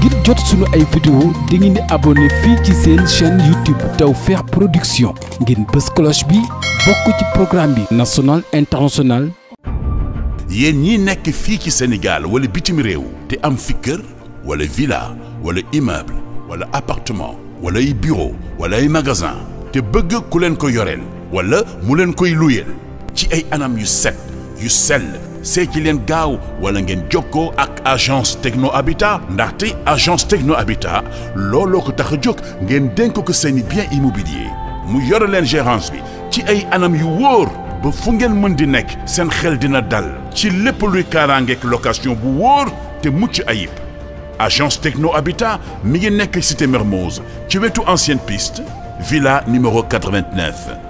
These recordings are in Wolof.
ngir jot sunu ay vidéo di ngeen di abonné fii ci seen chaîne YouTube Tawfekh Production ngeen bës cloche bi bokk ci programme bi national international yéen ñi nekk fii ci Sénégal wala bitim réew te am fi wala villa wala immeuble wala appartement wala ay bureau wala ay magasin te bëgg ku leen ko yoreel wala mu leen koy luyeel ci ay anam yu set yu sel see ci leen gaaw wala ngeen jokkoo ak agence techno abita ndaxte agence techno habitat looloo ko tax a jóg ngeen dénk ko seeni bien immobilier mu yore leen gérance bi ci ay anam yu wóor ba fu ngeen mën di nekk seen xel dina dal ci lépp luy kaaraangeek location bu wóor te mucc ayib agence abita habitat mi ngi si cité Mermoz ci wetu ancienne pist villa numéro 89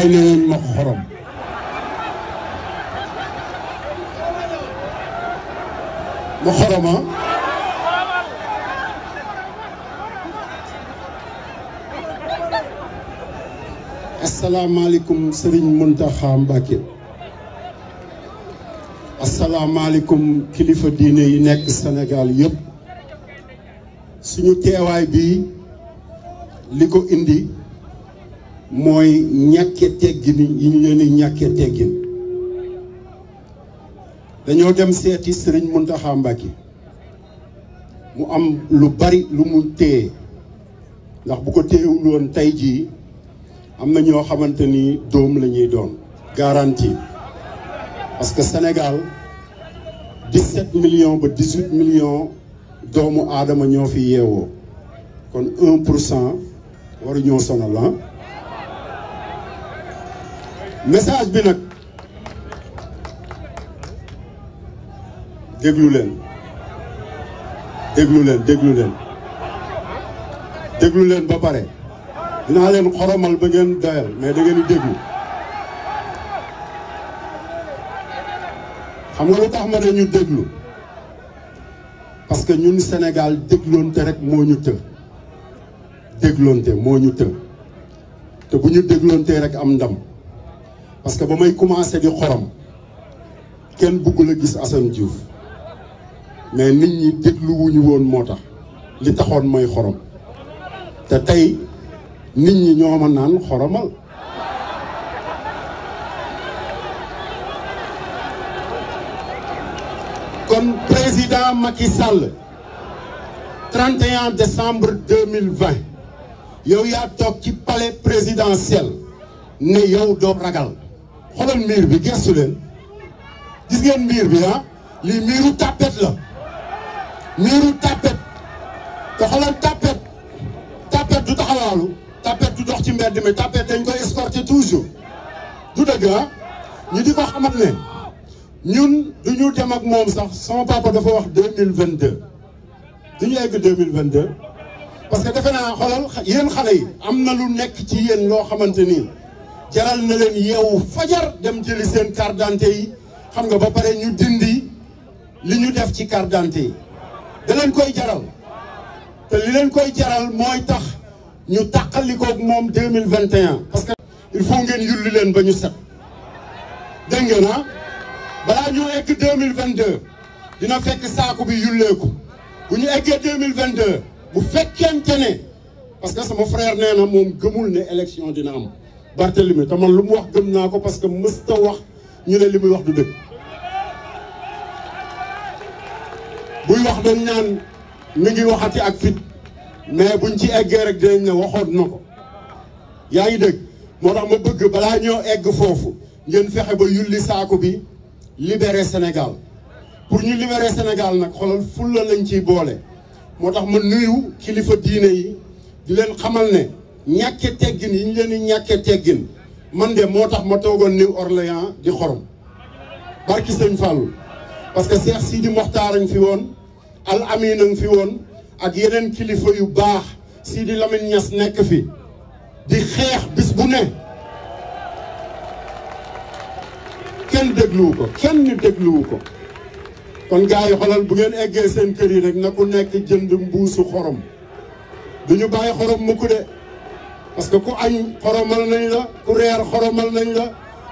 kaay na ngeen ma xorom ma ah. xoroma asalaamaaleykum sëriñ Muntaxa Mbàkke asalaamaaleykum kilifa diine yi nekk Sénégal yépp suñu teewaay bi li ko indi mooy ñàkkee teggin yi ñu leen ñàkkee teggin dañoo dem seeti sëriñ Muntaxa mu am lu bari lu mu téye ndax bu ko téyewul woon tey jii am na ñoo xamante ni doom la ñuy doon garantie parce que Sénégal million millions ba 18 millions doomu aadama ñoo fi yeewoo kon 1 pour cent waru ñoo sonal message bi nag déglu leen déglu leen déglu leen déglu leen ba pare dinaa leen xoromal ba ngeen doyal mais da ngeen di déglu xam nga lu tax ma ne ñu déglu parce que ñun Sénégal dégloonte rek moo ñu të dégloonte moo ñu të te bu ñu dégloonte rek am ndam parce que ba may commencé di xorom kenn bëggul a gis Assane jiw mais nit ñi dégluwuñu woon moo tax li taxoon may xorom te tey nit ñi ñoo naan xoromal kon président Macky Sall 31 décembre 2020 yow yaa toog ci palais présidentiel ne yow doo ragal xoolal miir bi gestu leen gis ngeen miir bi ah lii miiru tapet la miiru tapet te xoolal tapet tapet du taxawaalu tapet du dox ci mbedd mi tapet dañ koy escorter toujours du dëgg ah ñu di ko xamal ne ñun du dem ak moom sax sama papa dafa wax deux mille vingt deux du ñu egg vingt deux parce que defe naa xoolal xale yi am na lu nekk ci yéen loo xamante nii jaral na leen yeewu fajar dem jëli seen carte d'identité yi xam nga ba pare ñu dindi li ñu def ci carte yi da leen koy jaral te li leen koy jaral mooy tax ñu tàqalikoog moom 2021 parce que il faut ngeen yulli leen ba ñu set dégg na ah balaa ñu egg dina fekk saaku bi yulleeku bu ñu eggee 2022 bu fekkente ne parce que sama frère nee na moom gëmul ne élection dina am Barthélemy te man lu mu wax gëm naa ko parce que mës ta wax ñu ne li muy wax du dëgg buy wax dañ ñaan mi ngi waxati ak fit mais buñ ci eggee rek dinañ ne waxoon na ko yaa ngi dégg moo tax ma bëgg balaa ñoo egg foofu ngeen fexe ba yulli saako bi libérer Sénégal pour ñu libere Sénégal nag xoolal fulla lañ ciy boole moo tax ma nuyu kilifa diine yi di leen xamal ne ñàkke teggin yi ñu leen di ñàkke teggin man de moo tax ma toogoon New Orléans di xorom barki sëñ Fallou parce que Cheikh Sidi Mokhtar a fi woon Al Amin a fi woon ak yeneen kilifa yu baax Sidi Lamine Niass nekk fi di xeex bis bu ne kenn dégluwu ko kenn dégluwu ko kon gars yi bu ngeen eggee seen kër yi rek na ku nekk jënd mbuusu xorom du ñu bàyyi xorom mukk de parce que ku añ xoromal nañ la ku reer xoromal nañ la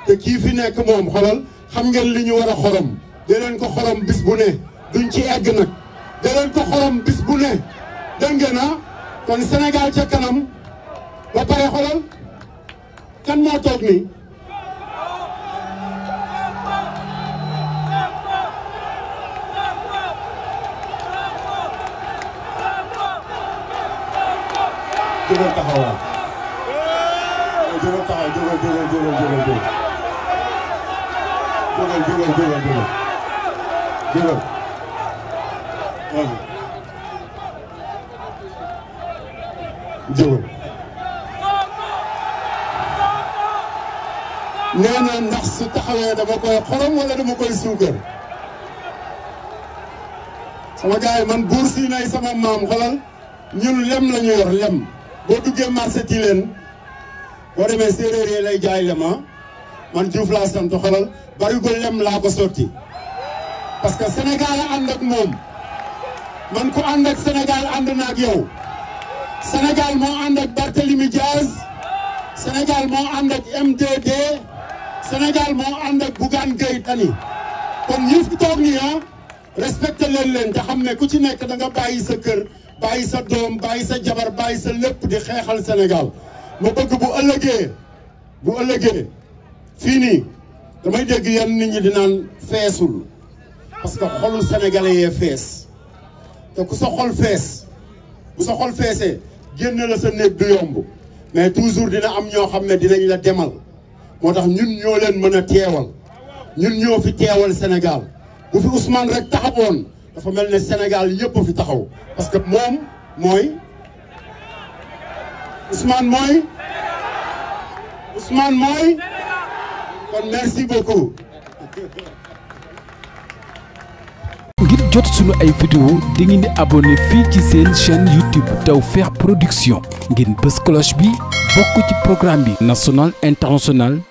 te kii fi nekk moom xolal xam ngeen li ñu war a xorom deneen ko xorom bis bu ne duñ ci egg nag deneen ko xorom bis bu ne dégg ngeen ah? kon Sénégal ca kanam ba pare xolal kan moo toog ni jógal taxaw jógal jógal nee na ndax su taxawee dama koy xorom wala dama koy suukar sama gars yi man buur si nay sama maam xolal ñun lem la ñu yor lem boo duggee marché ti leen boo demee séeréer yi lay jaay ma ah, man Diouf laa sant xolal barigo lem laa ko sotti parce que Sénégal a ànd ak moom man ku ànd ak Sénégal ànd na ak yow Sénégal moo ànd ak Barthélemy Diaz Sénégal moo ànd ak m Sénégal moo ànd ak Bougane Gueye Dany kon ñi fi toog nii ah respecté leen leen te xam ne ku ci nekk da bàyyi sa kër bàyyi sa doom bàyyi sa jabar bàyyi sa lépp di xeexal Sénégal ma bëgg bu ëllëgee bu ëllëgee fii nii damay dégg yenn nit ñi di naan feesul parce que xolu sénégalais yee fees te ku sa xol fees bu sa feesee génne la sa néeg du yomb mais toujours dina am ñoo xam ne dinañ la demal moo tax ñun ñoo leen mën a teewal ñun ñoo fi teewal Sénégal bu fi Ousmane rek taxawoon dafa mel ne Sénégal yëpp fi taxaw parce que moom mooy. Ousmane mooy Ousmane ngir jot sunu ay vidéo di ngeen di abonné fii ci seen chaîne YouTube Tawfekh Production ngeen bës cloche bi bokk ci programme bi national international.